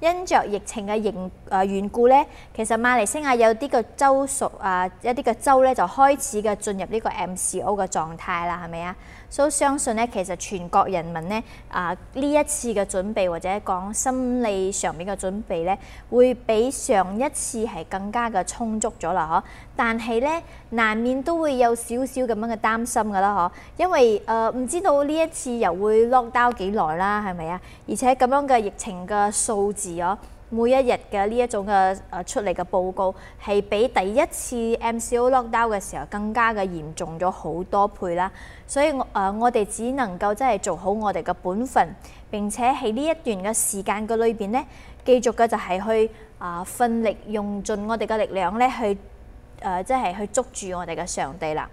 因着疫情嘅原誒緣故咧，其實馬來西亞有啲個州屬啊，一啲個州咧就開始嘅進入呢個 MCO 嘅狀態啦，係咪啊？所以、so，相信咧，其實全國人民咧啊，呢、呃、一次嘅準備或者講心理上面嘅準備咧，會比上一次係更加嘅充足咗啦，嗬。但係咧，難免都會有少少咁樣嘅擔心㗎啦，嗬。因為誒唔、呃、知道呢一次又會 lock down 幾耐啦，係咪啊？而且咁樣嘅疫情嘅數字嗬、哦。每一日嘅呢一種嘅誒出嚟嘅報告係比第一次 MCO lockdown 嘅時候更加嘅嚴重咗好多倍啦，所以誒我哋只能夠即係做好我哋嘅本分，並且喺呢一段嘅時間嘅裏邊咧，繼續嘅就係去啊奮力用盡我哋嘅力量咧去誒，即係去捉住我哋嘅上帝啦。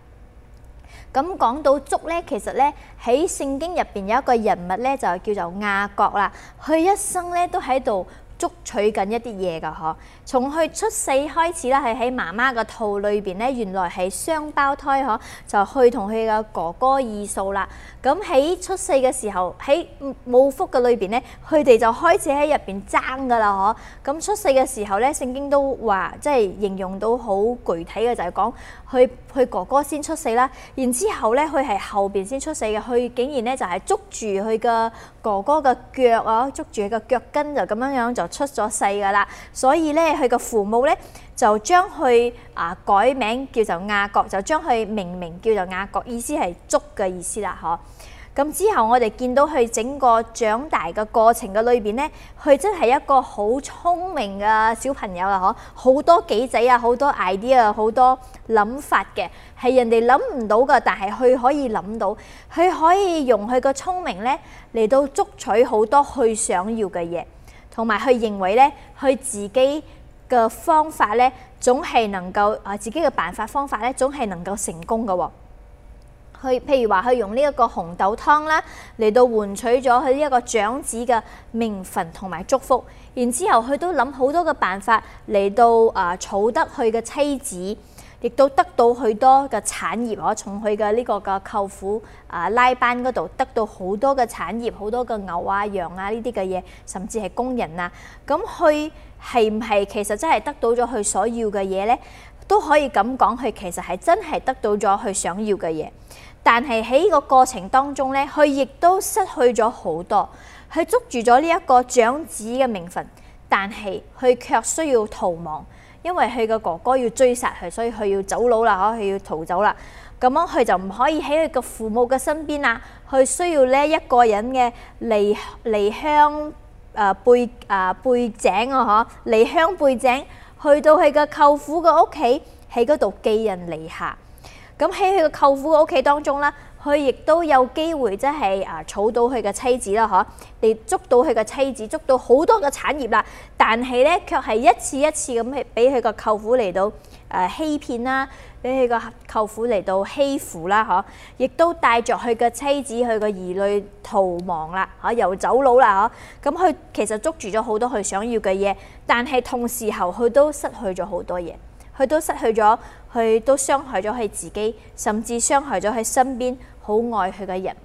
咁講到捉咧，其實咧喺聖經入邊有一個人物咧就係叫做亞國啦，佢一生咧都喺度。捉取緊一啲嘢噶嗬。從佢出世開始咧，係喺媽媽個肚裏面，原來係雙胞胎嗬，就去同佢嘅哥哥以掃啦。咁喺出世嘅時候，喺母腹嘅裏面，佢哋就開始喺入邊爭㗎啦嗬。咁出世嘅時候咧，聖經都話，即係形容到好具體嘅，就係講佢，佢哥哥先出世啦，然之後咧佢係後邊先出世嘅，佢竟然咧就係捉住佢嘅哥哥嘅腳啊，捉住佢嘅腳跟，就咁樣樣就出咗世㗎啦。所以咧。佢嘅父母咧就將佢啊改名叫做亞國，就將佢命名叫做亞國，意思係捉嘅意思啦，嗬。咁之後我哋見到佢整個長大嘅過程嘅裏邊咧，佢真係一個好聰明嘅小朋友啦，嗬。好多幾仔啊，好多 idea，好多諗法嘅，係人哋諗唔到嘅，但係佢可以諗到，佢可以用佢個聰明咧嚟到捉取好多佢想要嘅嘢，同埋佢認為咧，佢自己。嘅方法咧，總係能夠啊，自己嘅辦法方法咧，總係能夠成功嘅，哦。佢譬如話，佢用呢一個紅豆湯啦，嚟到換取咗佢呢一個長子嘅名分同埋祝福。然之後，佢都諗好多嘅辦法嚟到啊、呃，儲得佢嘅妻子，亦都得到許多嘅產業，我從佢嘅呢個嘅舅父啊拉班嗰度，得到好多嘅產業，好多嘅牛啊、羊啊呢啲嘅嘢，甚至係工人啊，咁去。係唔係？是是其實真係得到咗佢所要嘅嘢呢？都可以咁講。佢其實係真係得到咗佢想要嘅嘢，但係喺呢個過程當中呢，佢亦都失去咗好多。佢捉住咗呢一個長子嘅名分，但係佢卻需要逃亡，因為佢個哥哥要追殺佢，所以佢要走佬啦，佢要逃走啦。咁樣佢就唔可以喺佢個父母嘅身邊啦，佢需要呢一個人嘅離離鄉。誒、呃、背誒、呃、背井啊！嗬，離鄉背井，去到佢嘅舅父嘅屋企，喺嗰度寄人籬下。咁喺佢嘅舅父嘅屋企當中咧，佢亦都有機會即係誒儲到佢嘅妻子啦，嗬、啊，嚟捉到佢嘅妻子，捉到好多嘅產業啦。但係咧，卻係一次一次咁俾佢嘅舅父嚟到誒欺騙啦。俾佢個舅父嚟到欺負啦，嗬！亦都帶着佢嘅妻子、佢嘅兒女逃亡啦，嚇又走佬啦，嗬！咁佢其實捉住咗好多佢想要嘅嘢，但係同時候佢都失去咗好多嘢，佢都失去咗，佢都傷害咗佢自己，甚至傷害咗佢身邊好愛佢嘅人。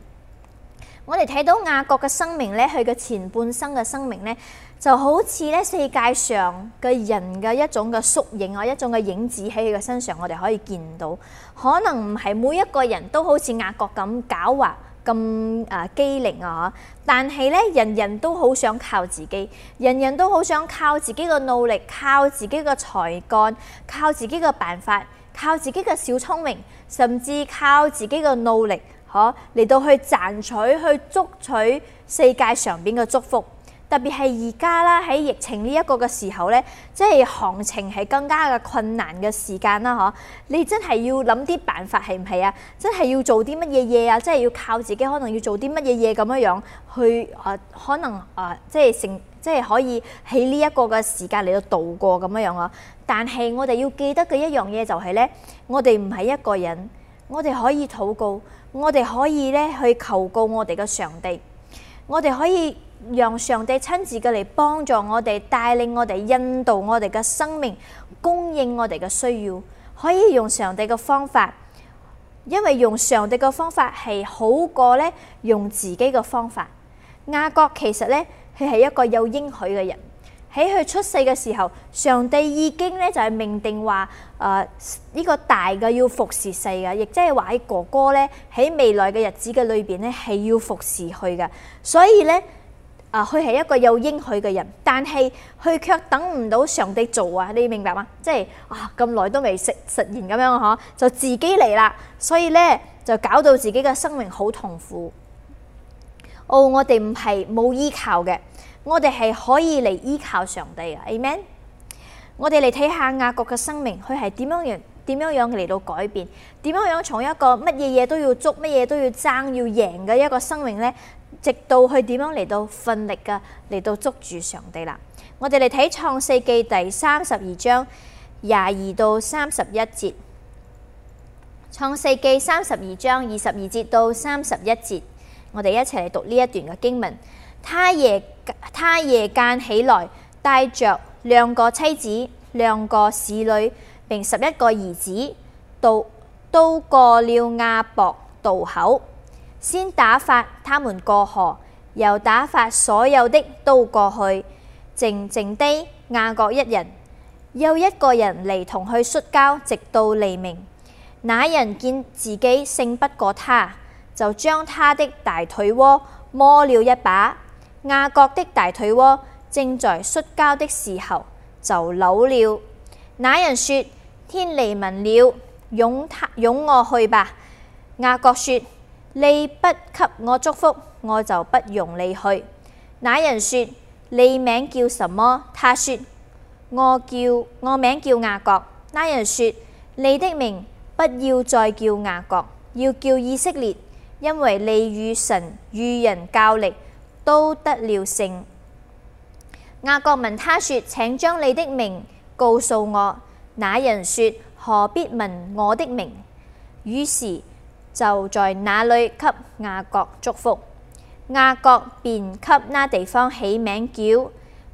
我哋睇到雅各嘅生命咧，佢嘅前半生嘅生命咧。就好似呢世界上嘅人嘅一種嘅縮影啊，一種嘅影子喺佢嘅身上，我哋可以見到，可能唔係每一個人都好似雅各咁狡猾咁機靈啊，但係呢，人人都好想靠自己，人人都好想靠自己嘅努力、靠自己嘅才幹、靠自己嘅辦法、靠自己嘅小聰明，甚至靠自己嘅努力喎，嚟到去賺取、去捉取世界上邊嘅祝福。特別係而家啦，喺疫情呢一個嘅時候呢，即係行情係更加嘅困難嘅時間啦，嗬！你真係要諗啲辦法，係唔係啊？真係要做啲乜嘢嘢啊？即係要靠自己，可能要做啲乜嘢嘢咁樣樣去啊、呃？可能啊、呃，即係成，即係可以喺呢一個嘅時間嚟到度過咁樣樣啊！但係我哋要記得嘅一樣嘢就係、是、呢：我哋唔係一個人，我哋可以禱告，我哋可以呢去求告我哋嘅上帝，我哋可以。讓上帝親自嘅嚟幫助我哋，帶領我哋，引導我哋嘅生命，供應我哋嘅需要，可以用上帝嘅方法。因為用上帝嘅方法係好過咧用自己嘅方法。雅各其實咧佢係一個有應許嘅人，喺佢出世嘅時候，上帝已經咧就係命定話誒呢個大嘅要服侍細嘅，亦即係話喺哥哥咧喺未來嘅日子嘅裏邊咧係要服侍佢嘅，所以咧。啊，佢係一個有應許嘅人，但係佢卻等唔到上帝做啊！你明白嗎？即係啊，咁耐都未實實現咁樣嗬，就自己嚟啦，所以咧就搞到自己嘅生命好痛苦。哦，我哋唔係冇依靠嘅，我哋係可以嚟依靠上帝啊！Amen。我哋嚟睇下亞國嘅生命，佢係點樣樣點樣樣嚟到改變？點樣樣從一個乜嘢嘢都要捉，乜嘢都要爭，要贏嘅一個生命咧？直到佢點樣嚟到奮力嘅，嚟到捉住上帝啦！我哋嚟睇創世記第三十二章廿二到三十一節。創世記三十二章二十二節到三十一節，我哋一齊嚟讀呢一段嘅經文。他夜他夜間起來，帶著兩個妻子、兩個侍女並十一個兒子，到都過了亞博渡口。先打發他們過河，又打發所有的都過去，靜靜地，亞國一人，又一個人嚟同佢摔跤，直到黎明。那人見自己勝不過他，就將他的大腿窩摸了一把。亞國的大腿窩正在摔跤的時候就扭了。那人說：天黎明了，擁他擁我去吧。亞國說。你不給我祝福，我就不容你去。那人說：你名叫什麼？他說：我叫我名叫雅各。那人說：你的名不要再叫雅各，要叫以色列，因為你與神與人較力都得了勝。雅各問他說：請將你的名告訴我。那人說：何必問我的名？於是。就在那裏給亞各祝福，亞各便給那地方起名叫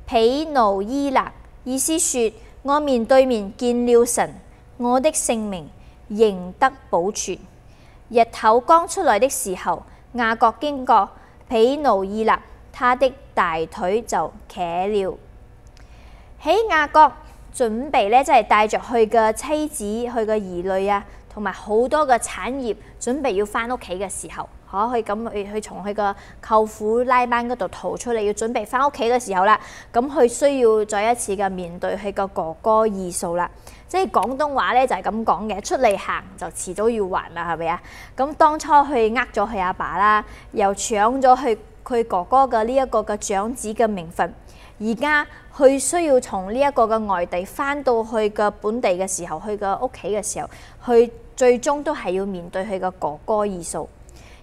毗努伊勒，意思說我面對面見了神，我的性命仍得保存。日頭剛出來的時候，亞各經過毗努伊勒，他的大腿就瘸了。喺亞各準備呢，即係帶着佢嘅妻子、佢嘅兒女啊。同埋好多個產業準備要翻屋企嘅時候，嚇可以咁去去從佢個舅父拉班嗰度逃出嚟，要準備翻屋企嘅時候啦。咁佢需要再一次嘅面對佢個哥哥以掃啦。即係廣東話咧就係咁講嘅，出嚟行就遲早要還啦，係咪啊？咁當初去呃咗佢阿爸啦，又搶咗佢佢哥哥嘅呢一個嘅長子嘅名份。而家。佢需要從呢一個嘅外地翻到去嘅本地嘅時候，去嘅屋企嘅時候，佢最終都係要面對佢嘅哥哥以掃，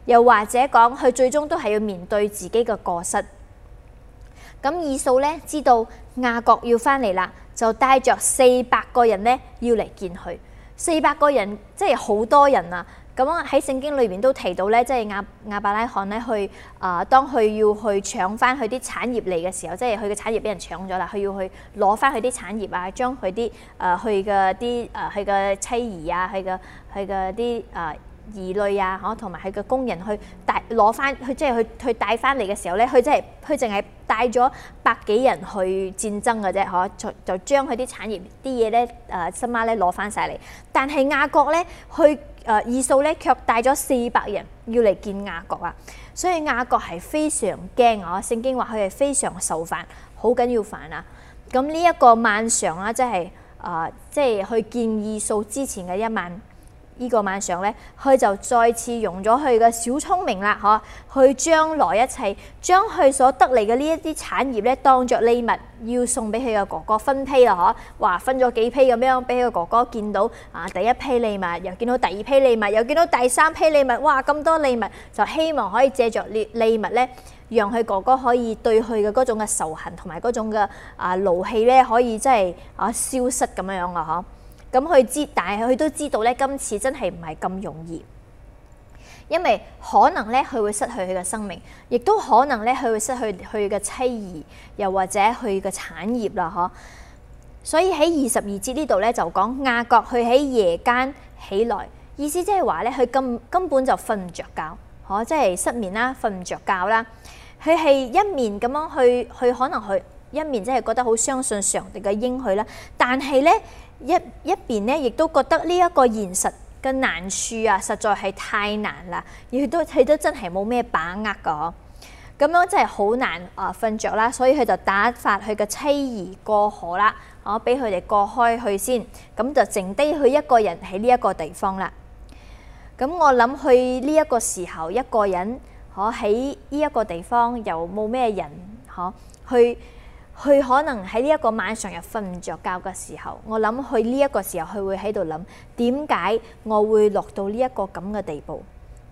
又或者講，佢最終都係要面對自己嘅過失。咁以掃咧知道雅各要翻嚟啦，就帶着四百個人呢要嚟見佢，四百個人即係好多人啊！咁喺聖經裏邊都提到咧，即係亞亞伯拉罕咧去啊、呃，當佢要去搶翻佢啲產業嚟嘅時候，即係佢嘅產業俾人搶咗啦，佢要去攞翻佢啲產業啊，將佢啲啊佢嘅啲啊佢嘅妻兒啊，佢嘅佢嘅啲啊兒女啊，呵、呃，同埋佢嘅工人去帶攞翻，佢即係去去帶翻嚟嘅時候咧，佢即係佢淨係帶咗百幾人去戰爭嘅啫，呵、啊，就就將佢啲產業啲嘢咧啊，神媽咧攞翻晒嚟，但係亞國咧去。誒，以掃咧卻帶咗四百人要嚟見雅各啊，所以雅各係非常驚啊！聖經話佢係非常受煩，好緊要煩啊！咁呢一個晚上啊，即係誒、呃，即係去見以掃之前嘅一晚。呢個晚上咧，佢就再次用咗佢嘅小聰明啦，呵，去將來一切，將佢所得嚟嘅呢一啲產業咧，當著禮物要送俾佢嘅哥哥分批啦，呵，話分咗幾批咁樣俾佢哥哥見到，啊，第一批禮物，又見到第二批禮物，又見到第三批禮物，哇，咁多禮物，就希望可以藉著呢禮物咧，讓佢哥哥可以對佢嘅嗰種嘅仇恨同埋嗰種嘅啊勞氣咧，可以真係啊消失咁樣啊，呵。咁佢知，但係佢都知道咧，今次真係唔係咁容易，因為可能咧佢會失去佢嘅生命，亦都可能咧佢會失去佢嘅妻兒，又或者佢嘅產業啦，嗬。所以喺二十二節呢度咧就講雅各佢喺夜間起來，意思即係話咧佢根根本就瞓唔着覺，嗬，即係失眠啦，瞓唔着覺啦。佢係一面咁樣去，佢可能佢一面即係覺得好相信上帝嘅應許啦，但係咧。一一邊咧，亦都覺得呢一個現實嘅難處啊，實在係太難啦，而佢都睇得真係冇咩把握㗎、啊，咁樣真係好難啊瞓、呃、着啦，所以佢就打發佢嘅妻兒過河啦，我俾佢哋過開去先，咁、嗯、就剩低佢一個人喺呢一個地方啦。咁、嗯、我諗佢呢一個時候，一個人可喺呢一個地方又冇咩人，可、啊、去。佢可能喺呢一個晚上又瞓唔著覺嘅時候，我諗佢呢一個時候佢會喺度諗點解我會落到呢一個咁嘅地步？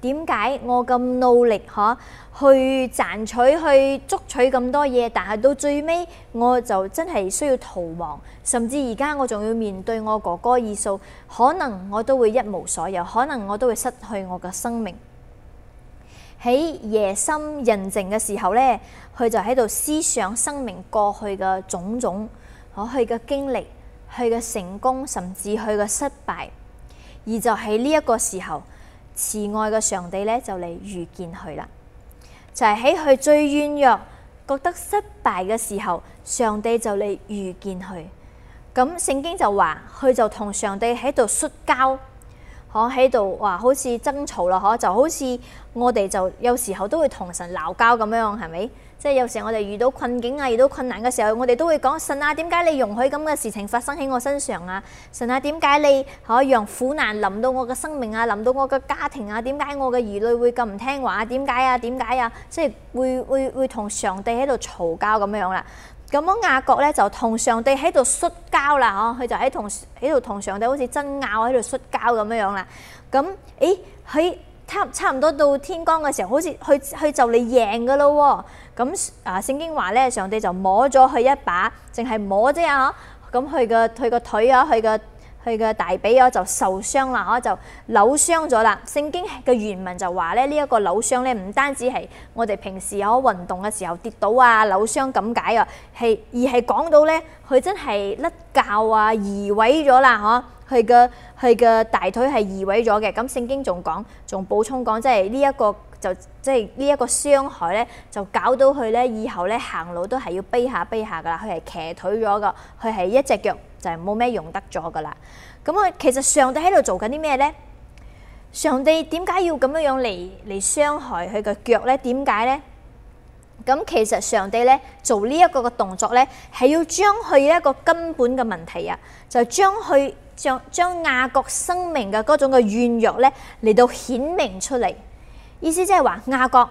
點解我咁努力哋去賺取、去捉取咁多嘢，但係到最尾我就真係需要逃亡，甚至而家我仲要面對我哥哥二嫂，可能我都會一無所有，可能我都會失去我嘅生命。喺夜深人靜嘅時候咧，佢就喺度思想生命過去嘅種種，佢嘅經歷，佢嘅成功，甚至佢嘅失敗。而就喺呢一個時候，慈愛嘅上帝咧就嚟遇見佢啦。就係喺佢最軟弱、覺得失敗嘅時候，上帝就嚟遇見佢。咁聖經就話，佢就同上帝喺度摔跤。我喺度話好似爭吵咯，可、啊、就好似我哋就有時候都會同神鬧交咁樣，係咪？即係有時候我哋遇到困境啊，遇到困難嘅時候，我哋都會講神啊，點解你容許咁嘅事情發生喺我身上啊？神啊，點解你可、啊、讓苦難臨到我嘅生命啊，臨到我嘅家庭啊？點解我嘅兒女會咁唔聽話？點解啊？點解啊，啊，啊？即係會會會同上帝喺度嘈交咁樣啦、啊。咁阿雅各咧就同上帝喺度摔跤啦，嗬！佢就喺度同喺度同上帝好似爭拗喺度摔跤咁樣樣啦。咁，誒佢差差唔多到天光嘅時候，好似佢佢就嚟贏噶啦喎。咁啊，聖經話咧，上帝就摸咗佢一把，淨係摸啫啊！咁佢個佢個腿啊，佢個。佢嘅大髀骨就受傷啦，嗬，就扭傷咗啦。聖經嘅原文就話咧，呢一個扭傷咧，唔單止係我哋平時可運動嘅時候跌倒啊扭傷咁解啊，係而係講到咧，佢真係甩臼啊移位咗啦，嗬，佢嘅佢嘅大腿係移位咗嘅。咁聖經仲講仲補充講，即係呢一個就即係呢一個傷害咧，就搞到佢咧以後咧行路都係要跛下跛下噶啦，佢係騎腿咗噶，佢係一隻腳。就係冇咩用得咗噶啦，咁啊，其實上帝喺度做緊啲咩咧？上帝點解要咁樣樣嚟嚟傷害佢個腳咧？點解咧？咁其實上帝咧做呢一個嘅動作咧，係要將佢一個根本嘅問題啊，就將將佢將將雅各生命嘅嗰種嘅軟弱咧嚟到顯明出嚟。意思即係話雅各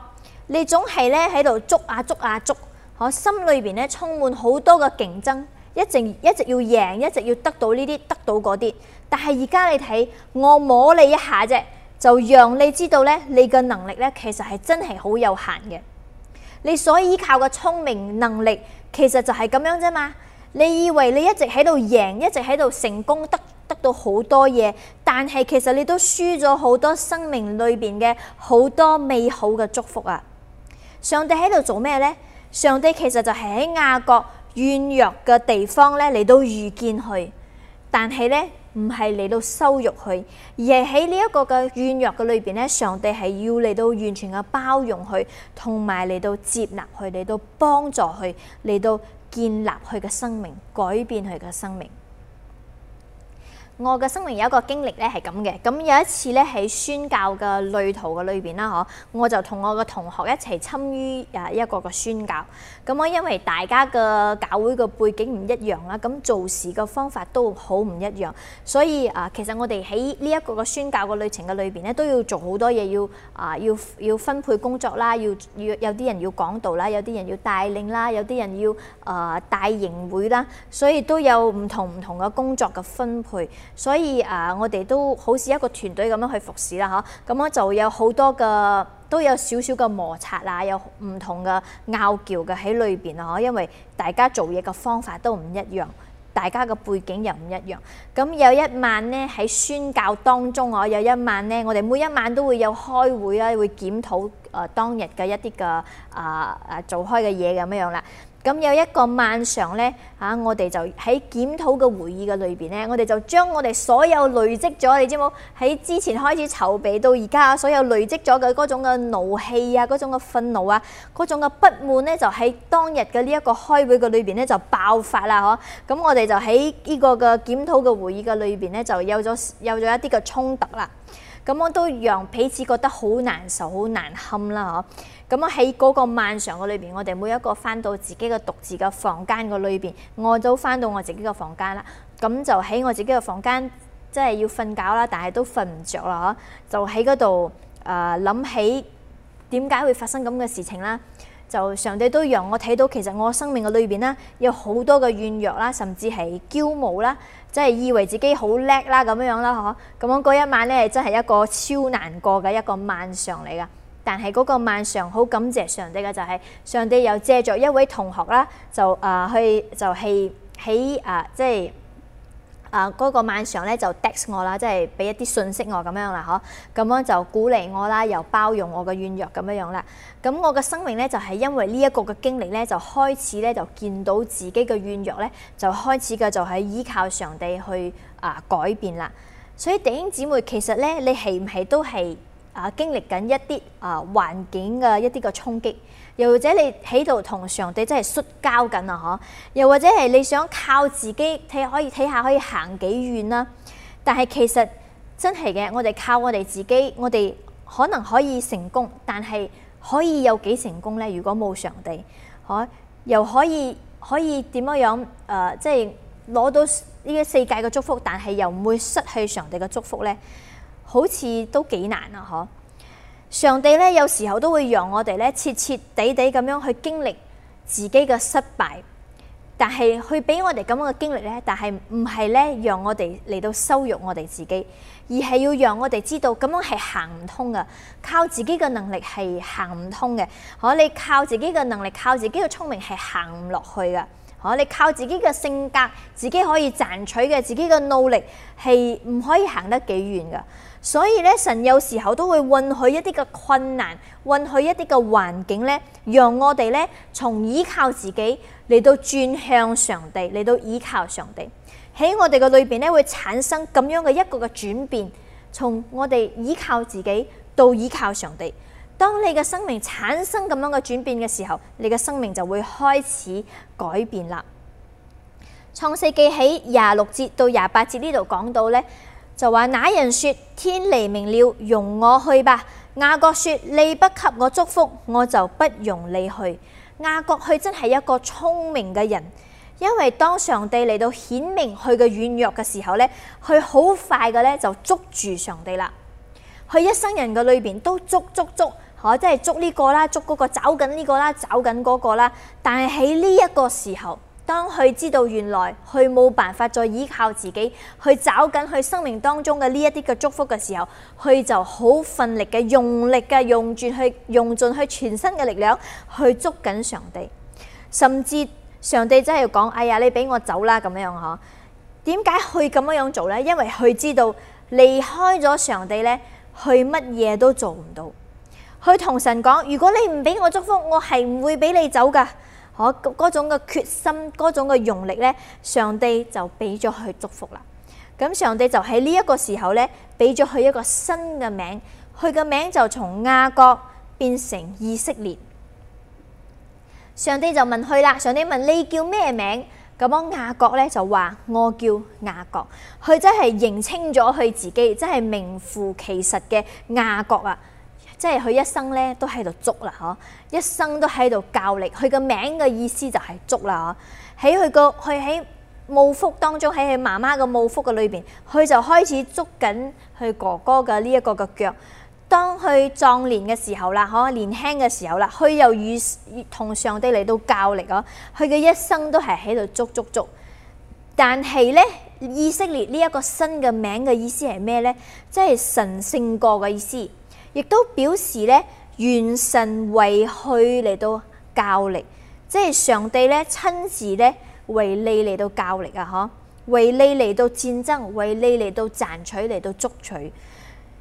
你總係咧喺度捉啊捉啊捉，我心裏邊咧充滿好多嘅競爭。一直一直要贏，一直要得到呢啲，得到嗰啲。但係而家你睇，我摸你一下啫，就讓你知道呢，你嘅能力呢，其實係真係好有限嘅。你所依靠嘅聰明能力，其實就係咁樣啫嘛。你以為你一直喺度贏，一直喺度成功得，得得到好多嘢，但係其實你都輸咗好多生命裏邊嘅好多美好嘅祝福啊！上帝喺度做咩呢？上帝其實就係喺雅各。軟弱嘅地方咧，嚟到遇見佢，但係咧唔係嚟到羞辱佢，而係喺呢一個嘅軟弱嘅裏邊咧，上帝係要嚟到完全嘅包容佢，同埋嚟到接納佢，嚟到幫助佢，嚟到建立佢嘅生命，改變佢嘅生命。我嘅生命有一個經歷咧係咁嘅，咁有一次咧喺宣教嘅旅途嘅裏邊啦，嗬，我就同我嘅同學一齊參與啊一個個宣教。咁我因為大家嘅教會嘅背景唔一樣啦，咁做事嘅方法都好唔一樣，所以啊，其實我哋喺呢一個個宣教嘅旅程嘅裏邊咧，都要做好多嘢要啊要、呃、要分配工作啦，要要有啲人要講道啦，有啲人要帶領啦，有啲人要啊帶營會啦，所以都有唔同唔同嘅工作嘅分配。所以誒、啊，我哋都好似一個團隊咁樣去服侍啦，嚇、啊。咁、嗯、樣就有好多嘅，都有少少嘅摩擦啦、啊，有唔同嘅拗撬嘅喺裏邊啊，因為大家做嘢嘅方法都唔一樣，大家嘅背景又唔一樣。咁、嗯、有一晚咧喺宣教當中我、啊、有一晚咧，我哋每一晚都會有開會啦，會檢討誒當日嘅一啲嘅啊啊做開嘅嘢咁樣啦。啊咁有一個晚上咧，嚇、啊、我哋就喺檢討嘅會議嘅裏邊咧，我哋就將我哋所有累積咗，你知冇？喺之前開始籌備到而家所有累積咗嘅嗰種嘅怒氣啊，嗰種嘅憤怒啊，嗰種嘅不滿咧，就喺當日嘅呢一個開會嘅裏邊咧就爆發啦，嗬、啊！咁我哋就喺呢個嘅檢討嘅會議嘅裏邊咧就有咗有咗一啲嘅衝突啦。咁我都讓彼此覺得好難受、好難堪啦，嗬！咁喺嗰個漫長嘅裏邊，我哋每一個翻到自己嘅獨自嘅房間嘅裏邊，我都翻到我自己嘅房間啦。咁就喺我自己嘅房間，即係要瞓覺啦，但係都瞓唔着啦，就喺嗰度誒，諗、呃、起點解會發生咁嘅事情啦，就上帝都讓我睇到其實我生命嘅裏邊啦，有好多嘅軟弱啦，甚至係驕傲啦。即係以為自己好叻啦，咁樣啦，嗬！咁樣嗰一晚咧，真係一個超難過嘅一個晚上嚟㗎。但係嗰個晚上，好感謝上帝嘅就係、是、上帝又借着一位同學啦，就啊、呃、去就喺喺啊即係。啊！嗰、那個晚上咧就 text 我啦，即係俾一啲信息我咁樣啦，嗬，咁樣就鼓勵我啦，又包容我嘅軟弱咁樣樣啦。咁我嘅生命咧就係、是、因為呢一個嘅經歷咧，就開始咧就見到自己嘅軟弱咧，就開始嘅就係依靠上帝去啊、呃、改變啦。所以弟兄姊妹，其實咧你係唔係都係啊經歷緊一啲啊、呃、環境嘅一啲嘅衝擊？又或者你喺度同上帝真係摔交緊啊！嗬，又或者係你想靠自己睇可以睇下可以行幾遠啦。但係其實真係嘅，我哋靠我哋自己，我哋可能可以成功，但係可以有幾成功呢？如果冇上帝，嗬、啊，又可以可以點樣？誒、呃，即係攞到呢個世界嘅祝福，但係又唔會失去上帝嘅祝福呢？好似都幾難啊！嗬。上帝咧，有時候都會讓我哋咧，徹徹底底咁樣去經歷自己嘅失敗。但係，佢俾我哋咁樣嘅經歷咧，但係唔係咧，讓我哋嚟到羞辱我哋自己，而係要讓我哋知道咁樣係行唔通嘅，靠自己嘅能力係行唔通嘅。可你靠自己嘅能力，靠自己嘅聰明係行唔落去嘅。可你靠自己嘅性格，自己可以賺取嘅，自己嘅努力係唔可以行得幾遠嘅。所以咧，神有時候都會允許一啲嘅困難，允許一啲嘅環境咧，讓我哋咧從依靠自己嚟到轉向上帝，嚟到依靠上帝。喺我哋嘅裏邊咧，會產生咁樣嘅一個嘅轉變，從我哋依靠自己到依靠上帝。當你嘅生命產生咁樣嘅轉變嘅時候，你嘅生命就會開始改變啦。創世記起廿六節到廿八節呢度講到咧。.就話那人說，天黎明了，容我去吧。雅各說，你不給我祝福，我就不容你去。雅各佢真係一個聰明嘅人，因為當上帝嚟到顯明佢嘅軟弱嘅時候呢，佢好快嘅呢就捉住上帝啦。佢一生人嘅裏邊都捉捉捉，捉，哦，即係捉呢、這個啦，捉嗰、那個，找緊呢個啦，找緊嗰個啦、那個那個。但係喺呢一個時候。當佢知道原來佢冇辦法再依靠自己，去找緊佢生命當中嘅呢一啲嘅祝福嘅時候，佢就好奮力嘅用力嘅用住去用盡佢全身嘅力量去捉緊上帝，甚至上帝真係要講：哎呀，你俾我走啦，咁樣嗬。點解佢咁樣樣做呢？因為佢知道離開咗上帝呢，佢乜嘢都做唔到。佢同神講：如果你唔俾我祝福，我係唔會俾你走噶。我嗰種嘅決心，嗰種嘅用力咧，上帝就俾咗佢祝福啦。咁上帝就喺呢一個時候咧，俾咗佢一個新嘅名，佢嘅名就從亞國變成以色列。上帝就問佢啦，上帝問你叫咩名？咁樣亞國咧就話我叫亞國，佢真係認清咗佢自己，真係名副其實嘅亞國啊！即係佢一生咧都喺度捉啦，嗬！一生都喺度較力。佢個名嘅意思就係捉啦，嗬！喺佢個佢喺母腹當中，喺佢媽媽嘅母腹嘅裏邊，佢就開始捉緊佢哥哥嘅呢一個嘅腳。當佢壯年嘅時候啦，嗬！年輕嘅時候啦，佢又與同上帝嚟到較力，嗬！佢嘅一生都係喺度捉捉捉、捉。但係咧，以色列呢一個新嘅名嘅意思係咩咧？即係神聖過嘅意思。亦都表示咧，原神為佢嚟到教力，即係上帝咧親自咧為你嚟到教力啊！嗬，為你嚟到戰爭，為你嚟到賺取嚟到捉取，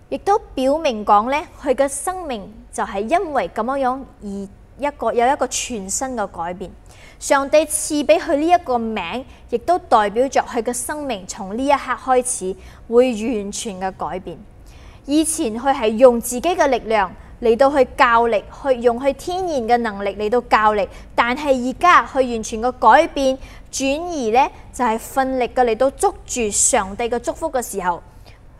亦都表明講咧，佢嘅生命就係因為咁樣樣而一個有一個全新嘅改變。上帝賜俾佢呢一個名，亦都代表着佢嘅生命從呢一刻開始會完全嘅改變。以前佢係用自己嘅力量嚟到去教力，去用佢天然嘅能力嚟到教力，但係而家佢完全嘅改變轉移呢，就係、是、奮力嘅嚟到捉住上帝嘅祝福嘅時候，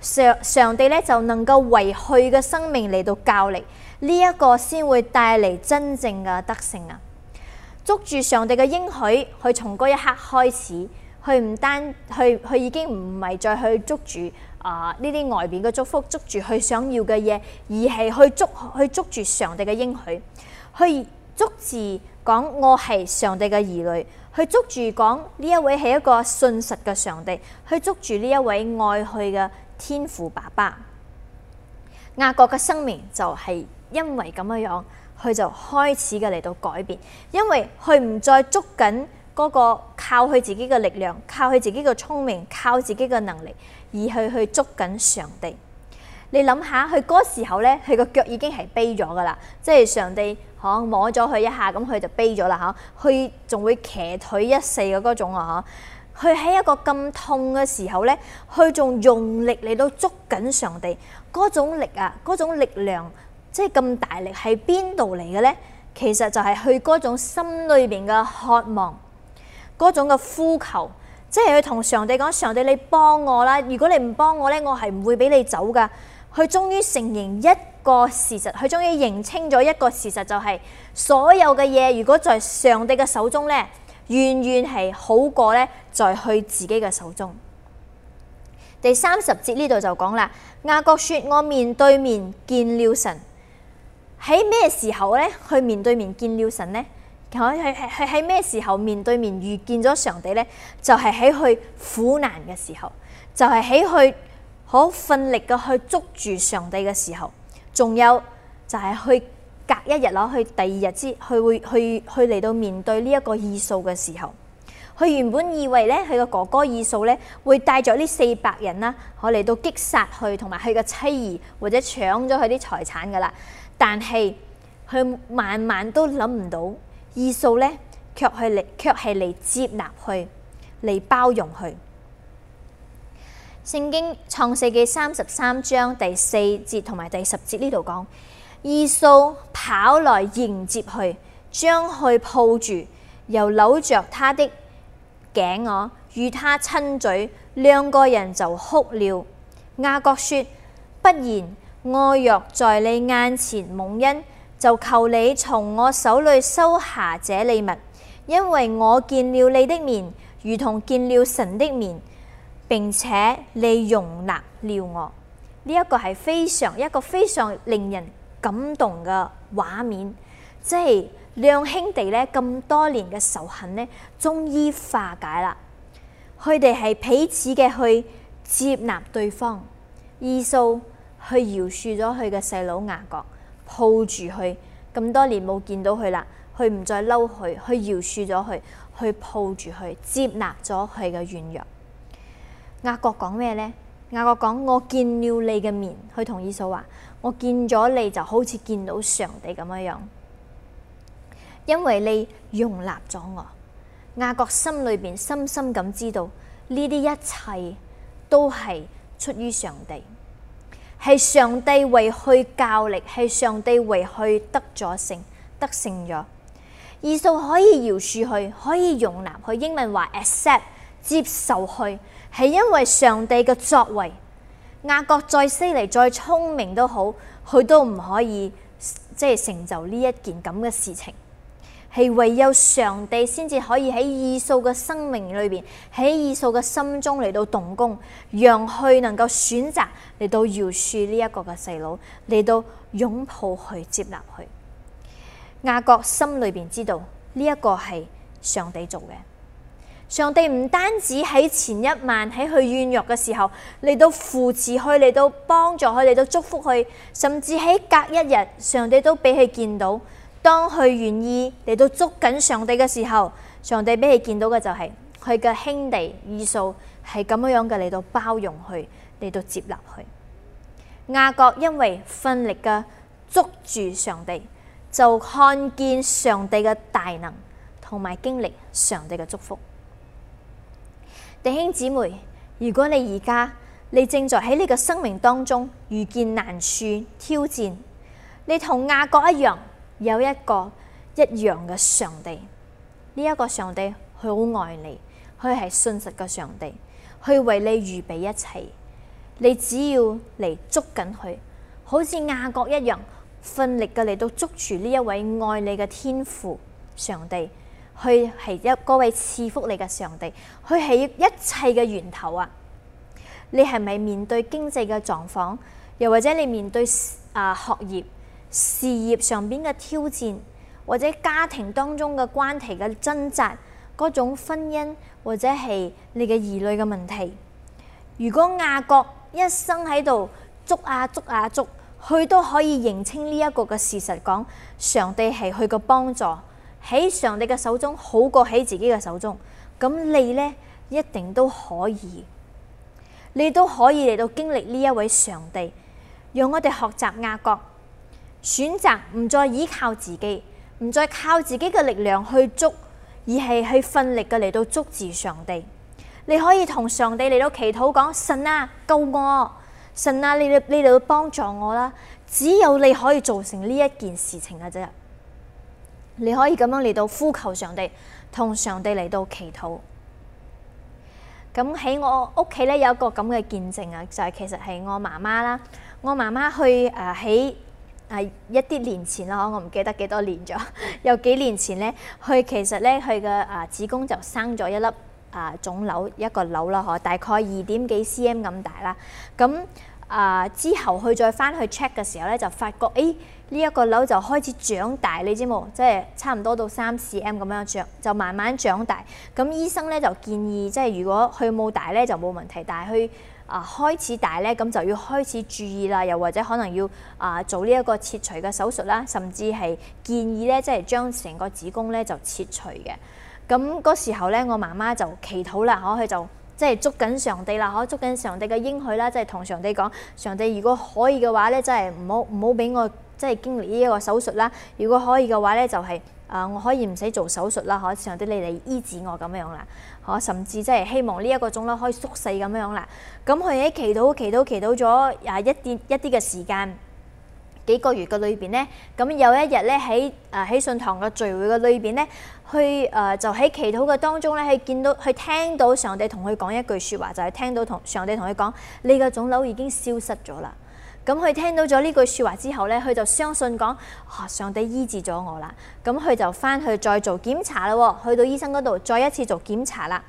上上帝呢，就能夠為佢嘅生命嚟到教力，呢、這、一個先會帶嚟真正嘅得勝啊！捉住上帝嘅應許，去從嗰一刻開始，佢唔單去，佢已經唔係再去捉住。啊！呢啲外面嘅祝福捉住佢想要嘅嘢，而係去捉去捉住上帝嘅應許，去捉住講我係上帝嘅兒女，去捉住講呢一位係一個信實嘅上帝，去捉住呢一位愛佢嘅天父爸爸。雅各嘅生命就係因為咁樣樣，佢就開始嘅嚟到改變，因為佢唔再捉緊嗰個靠佢自己嘅力量，靠佢自己嘅聰明，靠自己嘅能力。而去去捉緊上帝，你諗下，佢嗰時候咧，佢個腳已經係跛咗噶啦，即係上帝，嗬摸咗佢一下，咁佢就跛咗啦，嚇，佢仲會騎腿一世嘅嗰種啊，佢喺一個咁痛嘅時候咧，佢仲用力嚟到捉緊上帝，嗰種力啊，嗰種力量，即係咁大力，喺邊度嚟嘅咧？其實就係佢嗰種心裏面嘅渴望，嗰種嘅呼求。即係佢同上帝講，上帝你幫我啦！如果你唔幫我咧，我係唔會俾你走噶。佢終於承認一個事實，佢終於認清咗一個事實，就係所有嘅嘢如果在上帝嘅手中咧，遠遠係好過咧在佢自己嘅手中。第三十節呢度就講啦，雅各說我面對面見了神。喺咩時候咧去面對面見了神呢？佢喺喺喺喺咩時候面對面遇見咗上帝呢？就係喺佢苦難嘅時候，就係喺佢好奮力嘅去捉住上帝嘅時候，仲有就係佢隔一日攞去第二日之，佢會去去嚟到面對呢一個以掃嘅時候。佢原本以為咧，佢個哥哥以掃咧會帶著呢四百人啦，可嚟到擊殺佢同埋佢嘅妻兒，或者搶咗佢啲財產噶啦。但係佢慢慢都諗唔到。以掃呢，卻係嚟，接納佢，嚟包容佢。聖經創世記三十三章第四節同埋第十節呢度講，以掃跑來迎接佢，將佢抱住，又摟着他的頸項、啊，與他親嘴，兩個人就哭了。雅各說：不然，我若在你眼前蒙恩。就求你從我手裏收下這禮物，因為我見了你的面，如同見了神的面，並且你容納了我。呢、這、一個係非常一個非常令人感動嘅畫面，即係兩兄弟呢咁多年嘅仇恨呢，終於化解啦。佢哋係彼此嘅去接納對方，以掃去饒恕咗佢嘅細佬雅各。抱住佢，咁多年冇見到佢啦，佢唔再嬲佢，佢饒恕咗佢，去抱住佢，接納咗佢嘅軟弱。雅各講咩呢？雅各講我見了你嘅面，佢同以掃話：我見咗你就好似見到上帝咁樣樣，因為你容納咗我。雅各心裏邊深深咁知道呢啲一切都係出於上帝。係上帝為佢教力，係上帝為佢得咗勝，得勝咗。耶穌可以饒恕佢，可以容納佢。英文話 accept 接受佢，係因為上帝嘅作為。雅各再犀利、再聰明都好，佢都唔可以即係成就呢一件咁嘅事情。係唯有上帝先至可以喺以掃嘅生命裏邊，喺以掃嘅心中嚟到動工，讓佢能夠選擇嚟到饒恕呢一個嘅細佬，嚟到擁抱佢接納佢。雅各心裏邊知道呢一、這個係上帝做嘅。上帝唔單止喺前一晚喺佢軟弱嘅時候嚟到扶持佢，嚟到幫助佢，嚟到祝福佢，甚至喺隔一日，上帝都俾佢見到。當佢願意嚟到捉緊上帝嘅時候，上帝俾佢見到嘅就係佢嘅兄弟以掃係咁樣樣嘅嚟到包容佢，嚟到接納佢。雅各因為奮力嘅捉住上帝，就看見上帝嘅大能，同埋經歷上帝嘅祝福。弟兄姊妹，如果你而家你正在喺你嘅生命當中遇見難處挑戰，你同雅各一樣，有一個一樣嘅上帝，呢一個上帝佢好愛你，佢係信實嘅上帝，佢為你預備一切，你只要嚟捉緊佢，好似亞國一樣，奮力嘅嚟到捉住呢一位愛你嘅天父上帝，佢係一位賜福你嘅上帝，佢係一切嘅源頭啊！你係咪面對經濟嘅狀況，又或者你面對啊學業？事業上邊嘅挑戰，或者家庭當中嘅關係嘅掙扎，嗰種婚姻或者係你嘅兒女嘅問題。如果亞國一生喺度捉啊捉啊捉，佢都可以認清呢一個嘅事實，講上帝係佢嘅幫助喺上帝嘅手、手中，好過喺自己嘅手中。咁你呢，一定都可以，你都可以嚟到經歷呢一位上帝，讓我哋學習亞國。選擇唔再依靠自己，唔再靠自己嘅力量去捉，而係去奮力嘅嚟到捉住上帝。你可以同上帝嚟到祈禱，講神啊，救我，神啊你你你嚟到幫助我啦。只有你可以做成呢一件事情嘅啫。你可以咁樣嚟到呼求上帝，同上帝嚟到祈禱。咁喺我屋企咧有一個咁嘅見證啊，就係、是、其實係我媽媽啦。我媽媽去誒喺。呃係、啊、一啲年前啦、啊，我唔記得幾多年咗。 有幾年前呢，佢其實呢，佢嘅啊子宮就生咗一粒啊腫瘤一個瘤啦，可、啊、大概二點幾 CM 咁大啦。咁啊之後佢再返去 check 嘅時候呢，就發覺誒呢一個瘤就開始長大。你知冇？即係差唔多到三四 m 咁樣長，就慢慢長大。咁醫生呢，就建議，即係如果佢冇大呢，就冇問題，但係佢。啊，開始大咧，咁就要開始注意啦，又或者可能要啊做呢一個切除嘅手術啦，甚至係建議咧，即係將成個子宮咧就切除嘅。咁嗰時候咧，我媽媽就祈禱啦，可佢就即係、就是、捉緊上帝啦，可捉緊上帝嘅應許啦，即係同上帝講，上帝如果可以嘅話咧，即係唔好唔好俾我即係、就是、經歷呢一個手術啦。如果可以嘅話咧，就係、是。啊、呃！我可以唔使做手術啦，可上帝你嚟醫治我咁樣啦，可、啊、甚至真係希望呢一個腫瘤可以縮細咁樣啦。咁佢喺祈禱、祈禱、祈禱咗啊一啲一啲嘅時間幾個月嘅裏邊咧，咁、嗯、有一日咧喺啊喺信堂嘅聚會嘅裏邊咧，去啊、呃、就喺祈禱嘅當中咧，去見到去聽到上帝同佢講一句説話，就係、是、聽到同上帝同佢講，你嘅腫瘤已經消失咗啦。咁佢聽到咗呢句説話之後咧，佢就相信講，哦，上帝醫治咗我啦。咁佢就翻去再做檢查啦，哦，去到醫生嗰度再一次做檢查啦。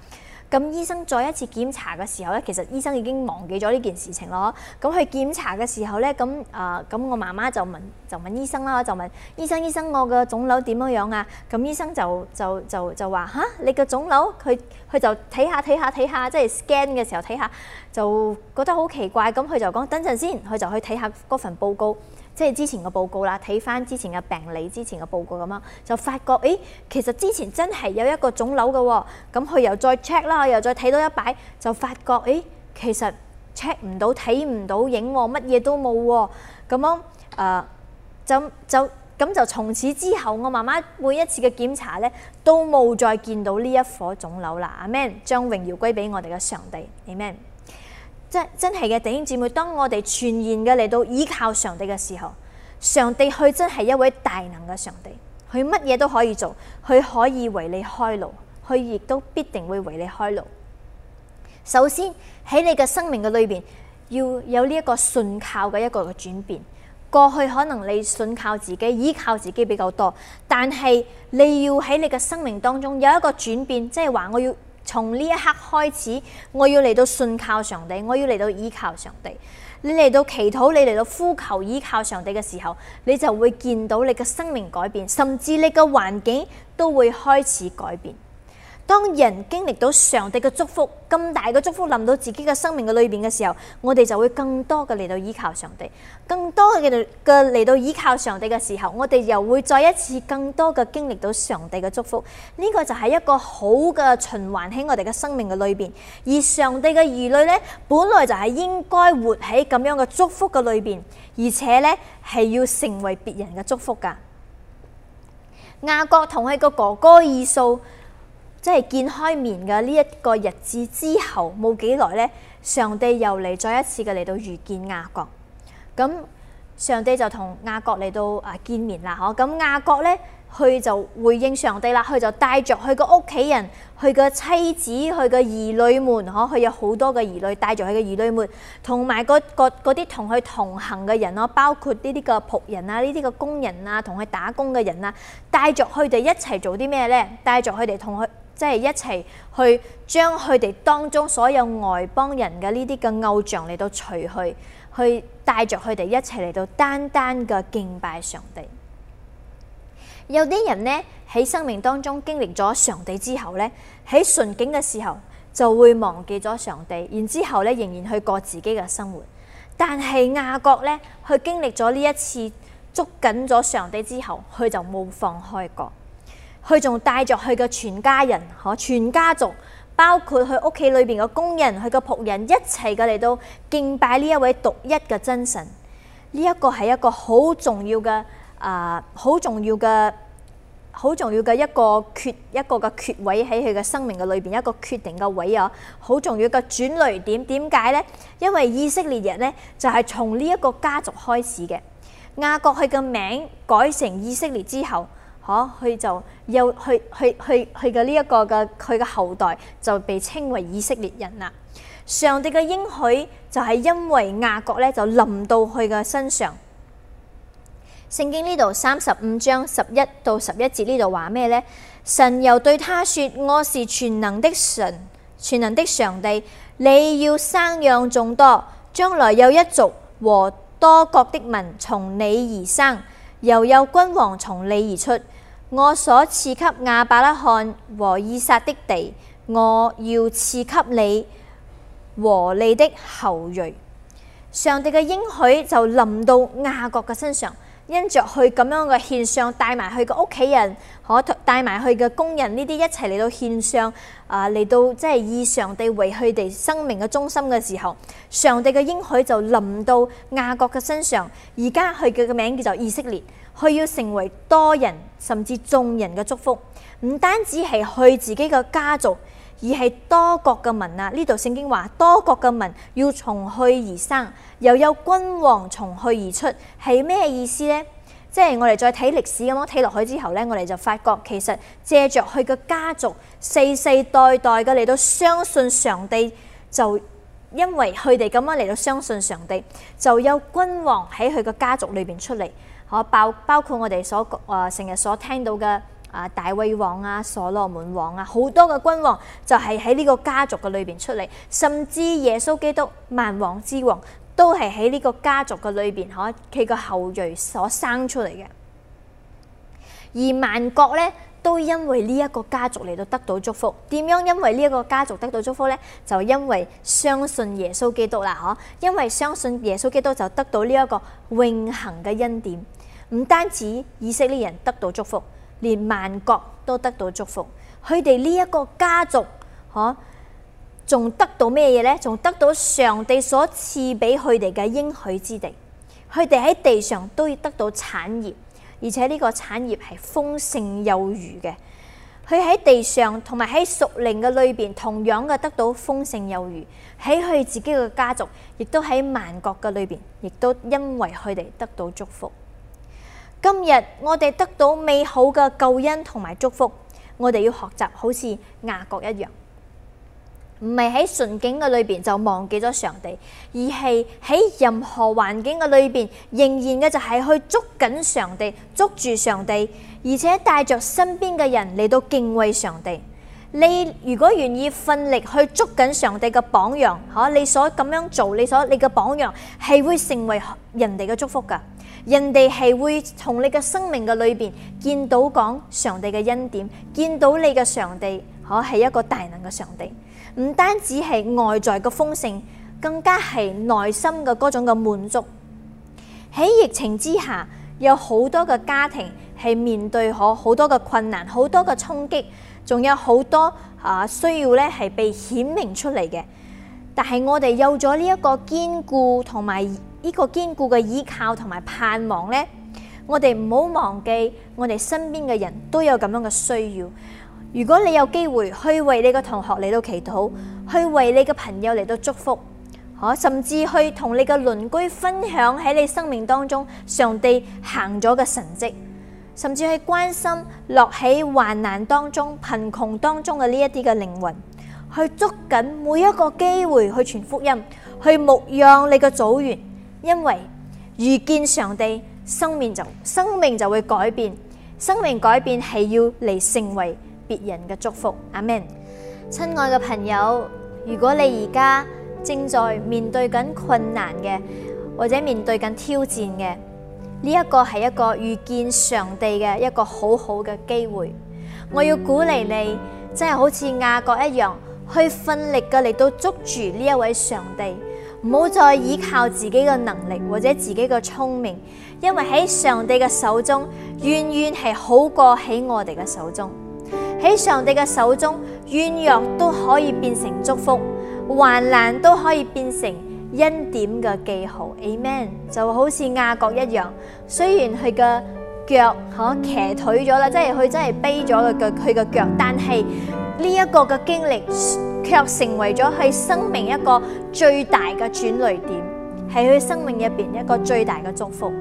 咁醫生再一次檢查嘅時候咧，其實醫生已經忘記咗呢件事情咯。咁去檢查嘅時候咧，咁啊咁我媽媽就問就問醫生啦，就問醫生問醫生，醫生，我個腫瘤點樣樣啊？咁醫生就就就就話嚇你個腫瘤，佢佢就睇下睇下睇下，即係 scan 嘅時候睇下，就覺得好奇怪，咁佢就講等陣先，佢就去睇下嗰份報告。即係之前嘅報告啦，睇翻之前嘅病理、之前嘅報告咁樣，就發覺誒、欸，其實之前真係有一個腫瘤嘅，咁佢又再 check 啦，又再睇到一擺，就發覺誒、欸，其實 check 唔到、睇唔到影，乜嘢都冇，咁樣誒、呃，就就咁就從此之後，我媽媽每一次嘅檢查咧，都冇再見到呢一顆腫瘤啦。阿 Man 將榮耀歸俾我哋嘅上帝，amen。即係真係嘅弟兄姊妹，當我哋全然嘅嚟到依靠上帝嘅時候，上帝佢真係一位大能嘅上帝，佢乜嘢都可以做，佢可以為你開路，佢亦都必定會為你開路。首先喺你嘅生命嘅裏邊，要有呢一個信靠嘅一個嘅轉變。過去可能你信靠自己、依靠自己比較多，但係你要喺你嘅生命當中有一個轉變，即係話我要。從呢一刻開始，我要嚟到信靠上帝，我要嚟到依靠上帝。你嚟到祈禱，你嚟到呼求依靠上帝嘅時候，你就會見到你嘅生命改變，甚至你嘅環境都會開始改變。當人經歷到上帝嘅祝福，咁大嘅祝福臨到自己嘅生命嘅裏邊嘅時候，我哋就會更多嘅嚟到依靠上帝，更多嘅嘅嚟到依靠上帝嘅時候，我哋又會再一次更多嘅經歷到上帝嘅祝福。呢個就係一個好嘅循環喺我哋嘅生命嘅裏邊。而上帝嘅兒女呢，本來就係應該活喺咁樣嘅祝福嘅裏邊，而且呢，係要成為別人嘅祝福噶。雅各同佢個哥哥以掃。即係見開面嘅呢一個日子之後冇幾耐呢，上帝又嚟再一次嘅嚟到遇見亞各。咁上帝就同亞各嚟到啊見面啦，嗬！咁亞各呢，佢就回應上帝啦，佢就帶着佢個屋企人、佢個妻子、佢個兒女們，嗬，佢有好多嘅兒女帶着佢嘅兒女們，同埋嗰啲同佢同行嘅人咯，包括呢啲嘅僕人啊、呢啲嘅工人啊、同佢打工嘅人啊，帶着佢哋一齊做啲咩呢？帶着佢哋同佢。即係一齊去將佢哋當中所有外邦人嘅呢啲嘅偶像嚟到除去，去帶着佢哋一齊嚟到單單嘅敬拜上帝。有啲人呢，喺生命當中經歷咗上帝之後呢，喺順境嘅時候就會忘記咗上帝，然之後呢仍然去過自己嘅生活。但係亞國呢，佢經歷咗呢一次捉緊咗上帝之後，佢就冇放開過。佢仲帶着佢嘅全家人，嗬，全家族包括佢屋企裏邊嘅工人、佢嘅僕人一齊嘅嚟到敬拜呢一位獨一嘅真神。呢、這個、一個係、呃、一個好重要嘅啊，好重要嘅好重要嘅一個缺一個嘅缺位喺佢嘅生命嘅裏邊一個決定嘅位啊，好重要嘅轉捩點。點解呢？因為以色列人呢，就係從呢一個家族開始嘅，雅各佢嘅名改成以色列之後。哦，佢、啊、就又去去去去嘅呢一個嘅佢嘅後代就被稱為以色列人啦。上帝嘅應許就係因為亞國咧就臨到佢嘅身上。聖經呢度三十五章十一到十一節呢度話咩咧？神又對他說：我是全能的神，全能的上帝，你要生養眾多，將來有一族和多國的民從你而生。又有君王從你而出，我所賜給亞伯拉罕和以撒的地，我要賜給你和你的後裔。上帝嘅應許就臨到雅各嘅身上。因着佢咁樣嘅獻上，帶埋佢嘅屋企人，可帶埋佢嘅工人呢啲一齊嚟到獻上，啊嚟到即係以上帝為佢哋生命嘅中心嘅時候，上帝嘅應許就臨到亞國嘅身上。而家佢嘅名叫做以色列，佢要成為多人甚至眾人嘅祝福，唔單止係佢自己嘅家族，而係多國嘅民啊！呢度聖經話多國嘅民要從佢而生。又有君王從去而出，係咩意思呢？即係我哋再睇歷史咁樣睇落去之後呢，我哋就發覺其實借着佢嘅家族，世世代代嘅嚟到相信上帝，就因為佢哋咁樣嚟到相信上帝，就有君王喺佢嘅家族裏邊出嚟。可包包括我哋所誒成日所聽到嘅啊大衛王啊所羅門王啊，好多嘅君王就係喺呢個家族嘅裏邊出嚟，甚至耶穌基督萬王之王。都係喺呢個家族嘅裏邊，可佢個後裔所生出嚟嘅。而萬國咧都因為呢一個家族嚟到得到祝福。點樣因為呢一個家族得到祝福呢？就因為相信耶穌基督啦，可因為相信耶穌基督就得到呢一個永恒嘅恩典。唔單止以色列人得到祝福，連萬國都得到祝福。佢哋呢一個家族，可、啊。仲得到咩嘢呢？仲得到上帝所賜俾佢哋嘅應許之地，佢哋喺地上都要得到產業，而且呢個產業係豐盛有餘嘅。佢喺地上同埋喺屬靈嘅裏邊同樣嘅得到豐盛有餘，喺佢自己嘅家族，亦都喺萬國嘅裏邊，亦都因為佢哋得到祝福。今日我哋得到美好嘅救恩同埋祝福，我哋要學習好似雅各一樣。唔係喺順境嘅裏邊就忘記咗上帝，而係喺任何環境嘅裏邊，仍然嘅就係去捉緊上帝，捉住上帝，而且帶着身邊嘅人嚟到敬畏上帝。你如果願意奮力去捉緊上帝嘅榜樣，嚇你所咁樣做，你所你嘅榜樣係會成為人哋嘅祝福噶，人哋係會從你嘅生命嘅裏邊見到講上帝嘅恩典，見到你嘅上帝，可係一個大能嘅上帝。唔單止係外在嘅豐盛，更加係內心嘅嗰種嘅滿足。喺疫情之下，有好多嘅家庭係面對咗好多嘅困難、好多嘅衝擊，仲有好多啊需要咧係被顯明出嚟嘅。但係我哋有咗呢一個堅固同埋呢個堅固嘅依靠同埋盼望咧，我哋唔好忘記我哋身邊嘅人都有咁樣嘅需要。如果你有機會去為你嘅同學嚟到祈禱，去為你嘅朋友嚟到祝福，嗬，甚至去同你嘅鄰居分享喺你生命當中上帝行咗嘅神蹟，甚至去關心落喺患難當中、貧窮當中嘅呢一啲嘅靈魂，去捉緊每一個機會去傳福音，去牧養你嘅組員，因為遇見上帝，生命就生命就會改變，生命改變係要嚟成為別人嘅祝福，阿們，i n 親愛嘅朋友，如果你而家正在面對緊困難嘅，或者面對緊挑戰嘅，呢、這、一個係一個遇見上帝嘅一個好好嘅機會。我要鼓勵你，真係好似雅各一樣，去奮力嘅嚟到捉住呢一位上帝，唔好再依靠自己嘅能力或者自己嘅聰明，因為喺上帝嘅手中，遠遠係好過喺我哋嘅手中。在上帝的手中，軟弱都可以變成祝福，患難都可以變成恩典嘅記號。Amen. 就好似雅各一樣，雖然他的腳，騎腿咗啦，即係佢真係跛咗個腳，佢個腳，但係呢一個嘅經歷卻成為咗佢生命一個最大嘅轉捩點，係佢生命入邊一個最大嘅祝福。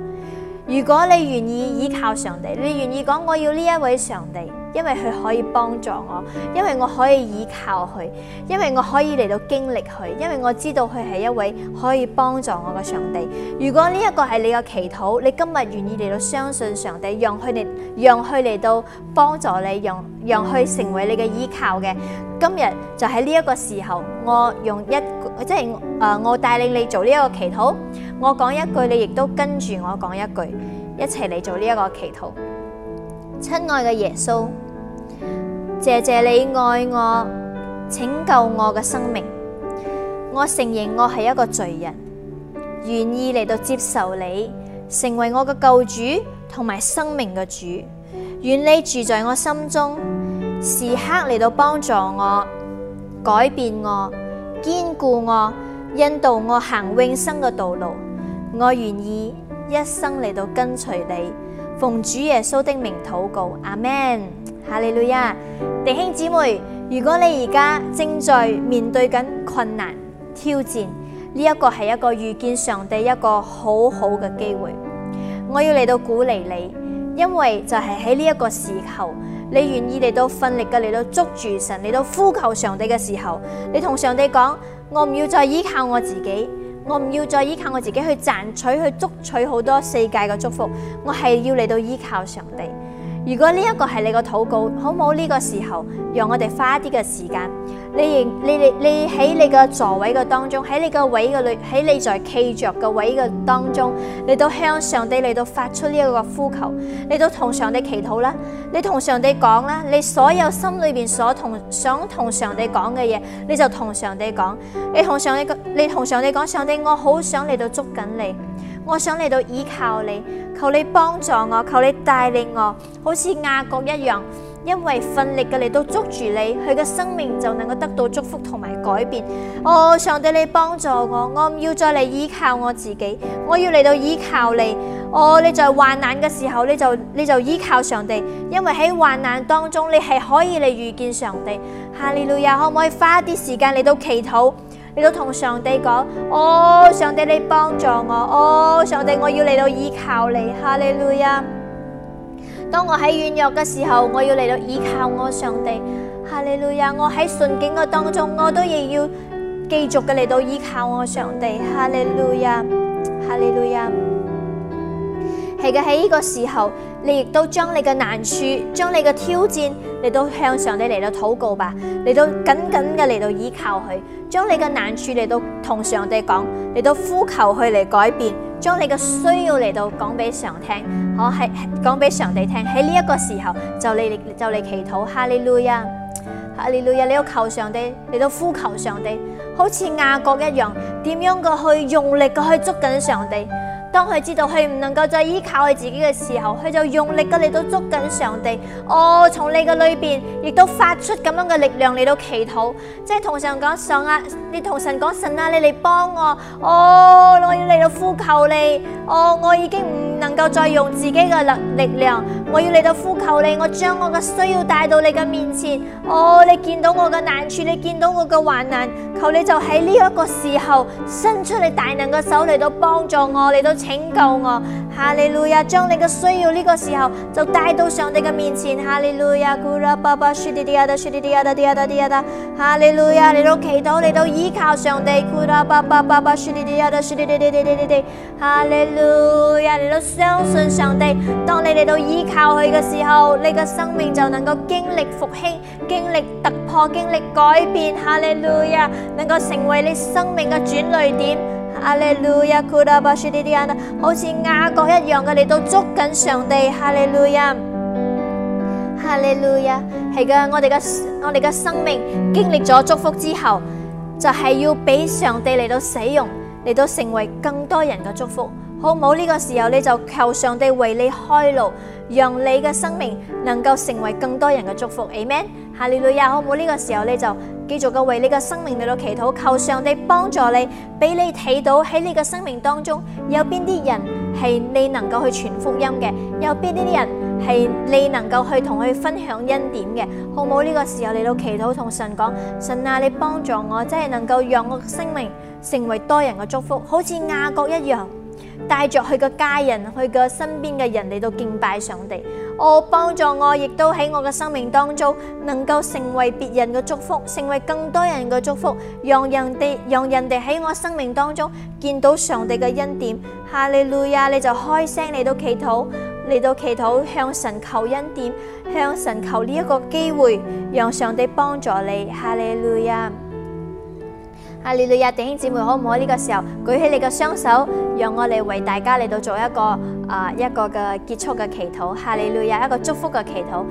如果你願意依靠上帝，你願意講，我要呢一位上帝，因為佢可以幫助我，因為我可以依靠佢，因為我可以嚟到經歷佢，因為我知道佢係一位可以幫助我嘅上帝。如果呢一個係你嘅祈禱，你今日願意嚟到相信上帝，讓佢哋，讓佢嚟到幫助你，讓讓佢成為你嘅依靠嘅。今日就喺呢一個時候，我用一，即係誒，我帶領你做呢一個祈禱。我講一句，你亦都跟住我講一句，一齊嚟做呢一個祈禱。親愛嘅耶穌，謝謝你愛我，拯救我嘅生命。我承認我係一個罪人，願意嚟到接受你，成為我嘅救主同埋生命嘅主。願你住在我心中，時刻嚟到幫助我、改變我、堅固我，引導我行永生嘅道路。我願意一生嚟到跟隨你，奉主耶穌的名禱告，阿 Man，哈利路亞。弟兄姊妹，如果你而家正在面對緊困難挑戰，呢一個係一個遇見上帝一個好好嘅機會。我要嚟到鼓勵你，因為就係喺呢一個時候，你願意嚟到奮力嘅嚟到捉住神，嚟到呼求上帝嘅時候，你同上帝講，我唔要再依靠我自己。我唔要再依靠我自己去賺取、去捉取好多世界嘅祝福，我係要嚟到依靠上帝。如果呢一個係你個禱告，好冇？呢個時候，讓我哋花啲嘅時間，你認你你你喺你個座位嘅當中，喺你個位嘅裏，喺你在企着嘅位嘅當中，你都向上帝嚟到發出呢一個呼求，你都同上帝祈禱啦，你同上帝講啦，你所有心裏邊所同想同上帝講嘅嘢，你就同上帝講，你同上帝講，你同上帝講，上帝我好想嚟到捉緊你。我想嚟到依靠你，求你幫助我，求你帶領我，好似雅各一樣，因為奮力嘅嚟到捉住你，佢嘅生命就能夠得到祝福同埋改變。哦，上帝你幫助我，我唔要再嚟依靠我自己，我要嚟到依靠你。哦，你在患難嘅時候，你就你就依靠上帝，因為喺患難當中，你係可以嚟遇見上帝。哈利路亞，可唔可以花啲時間嚟到祈禱？你都同上帝講，哦，上帝你幫助我，哦，上帝我要嚟到依靠你，哈利路亞。當我喺軟弱嘅時候，我要嚟到依靠我上帝，哈利路亞。我喺順境嘅當中，我都亦要繼續嘅嚟到依靠我上帝，哈利路亞，哈利路亞。係嘅，喺呢個時候，你亦都將你嘅難處，將你嘅挑戰，嚟到向上帝嚟到禱告吧，嚟到緊緊嘅嚟到依靠佢，將你嘅難處嚟到同上帝講，嚟到呼求佢嚟改變，將你嘅需要嚟到講俾上帝，可、啊、係講俾上帝聽。喺呢一個時候就你就嚟祈禱，哈利路亞，哈利路亞，你要求上帝，嚟到呼求上帝，好似雅各一樣，點樣嘅去用力嘅去捉緊上帝。當佢知道佢唔能夠再依靠佢自己嘅時候，佢就用力咁嚟到捉緊上帝，哦，從你嘅裏邊亦都發出咁樣嘅力量嚟到祈禱，即係同神講上啊，你同神講神啊，你嚟幫我，哦，我要嚟到呼求你，哦，我已經唔能夠再用自己嘅力力量。我要嚟到呼求你，我將我嘅需要帶到你嘅面前。哦，你見到我嘅難處，你見到我嘅患難，求你就喺呢一個時候伸出你大能嘅手嚟到幫助我，嚟到拯救我。哈利路亞，將你嘅需要呢個時候就帶到上帝嘅面前。哈利路亞，庫拉巴巴，舒迪迪亞達，舒迪迪亞達，迪亞達，迪亞達。哈利路亞，你都祈禱，你都依靠上帝。庫拉巴巴，巴巴，舒迪迪亞達，舒迪迪迪迪迪迪。哈利路亞，你都相信上帝。當你哋都依靠佢嘅時候，你嘅生命就能夠經歷復興、經歷突破、經歷改變。哈利路亞，能夠成為你生命嘅轉捩點。哈利路亞，庫達巴說啲啲人啊，好似亞國一樣嘅，嚟到捉緊上帝。哈利路亞，哈利路亞，係㗎，我哋嘅我哋嘅生命經歷咗祝福之後，就係要俾上帝嚟到使用，嚟到成為更多人嘅祝福，好唔好？呢個時候你就求上帝為你開路，讓你嘅生命能夠成為更多人嘅祝福。Amen。哈利路亞，好唔好？呢個時候你就。繼續嘅為你嘅生命嚟到祈禱，求上帝幫助你，俾你睇到，喺你嘅生命當中有邊啲人係你能夠去傳福音嘅，有邊啲啲人係你能夠去同佢分享恩典嘅，好唔好？呢、這個時候嚟到祈禱同神講，神啊，你幫助我，真係能夠讓我嘅生命成為多人嘅祝福，好似雅各一樣。帶着佢嘅家人、佢嘅身邊嘅人嚟到敬拜上帝。我幫助我，亦都喺我嘅生命當中能夠成為別人嘅祝福，成為更多人嘅祝福，讓人哋讓人哋喺我生命當中見到上帝嘅恩典。哈利路亞，你就開聲嚟到祈禱，嚟到祈禱，向神求恩典，向神求呢一個機會，讓上帝幫助你。哈利路亞。哈利路亞，弟兄姊妹，可唔可以呢個時候舉起你個雙手，讓我哋為大家嚟到做一個啊，一個嘅結束嘅祈禱，哈利路亞，一個祝福嘅祈禱。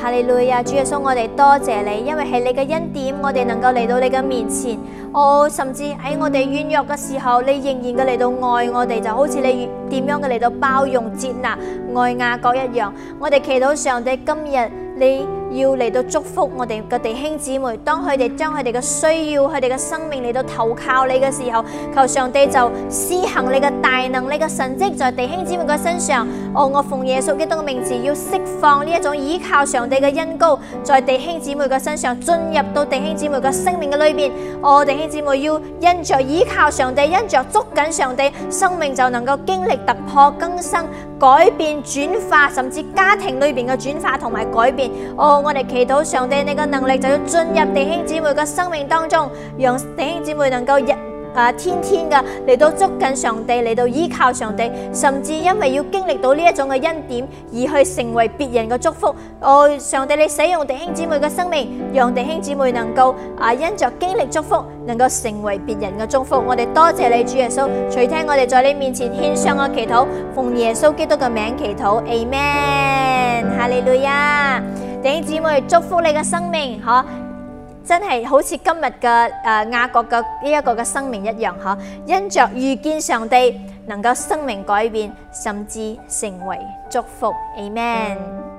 哈利路亞，主耶穌，我哋多謝你，因為係你嘅恩典，我哋能夠嚟到你嘅面前，哦，甚至喺我哋軟弱嘅時候，你仍然嘅嚟到愛我哋，就好似你點樣嘅嚟到包容、接納、愛亞國一樣。我哋祈禱上帝今日，你要嚟到祝福我哋嘅弟兄姊妹，當佢哋將佢哋嘅需要、佢哋嘅生命嚟到投靠你嘅時候，求上帝就施行你嘅，大能力嘅神蹟在弟兄姊妹嘅身上，哦，我奉耶穌基督嘅名字，要釋放呢一種倚靠上帝嘅恩膏，在弟兄姊妹嘅身上進入到弟兄姊妹嘅生命嘅裏邊，我哋弟兄姊妹要因着倚靠上帝，因着捉緊上帝，生命就能夠經歷突破、更新、改變、轉化，甚至家庭裏邊嘅轉化同埋改變。哦，我哋祈禱上帝，你嘅能力就要進入弟兄姊妹嘅生命當中，讓弟兄姊妹能夠日。啊！天天嘅嚟到捉緊上帝，嚟到依靠上帝，甚至因為要經歷到呢一種嘅恩典，而去成為別人嘅祝福。哦，上帝，你使用弟兄姊妹嘅生命，讓弟兄姊妹能夠啊因着經歷祝福，能夠成為別人嘅祝福。我哋多謝你，主耶穌，隨聽我哋在你面前獻上嘅祈禱，奉耶穌基督嘅名祈禱，Amen！哈利路亞！弟兄姊妹，祝福你嘅生命，嗬！真係好似今日嘅誒亞國嘅呢一個嘅生命一樣呵，因着遇見上帝，能夠生命改變，甚至成為祝福。Amen。嗯。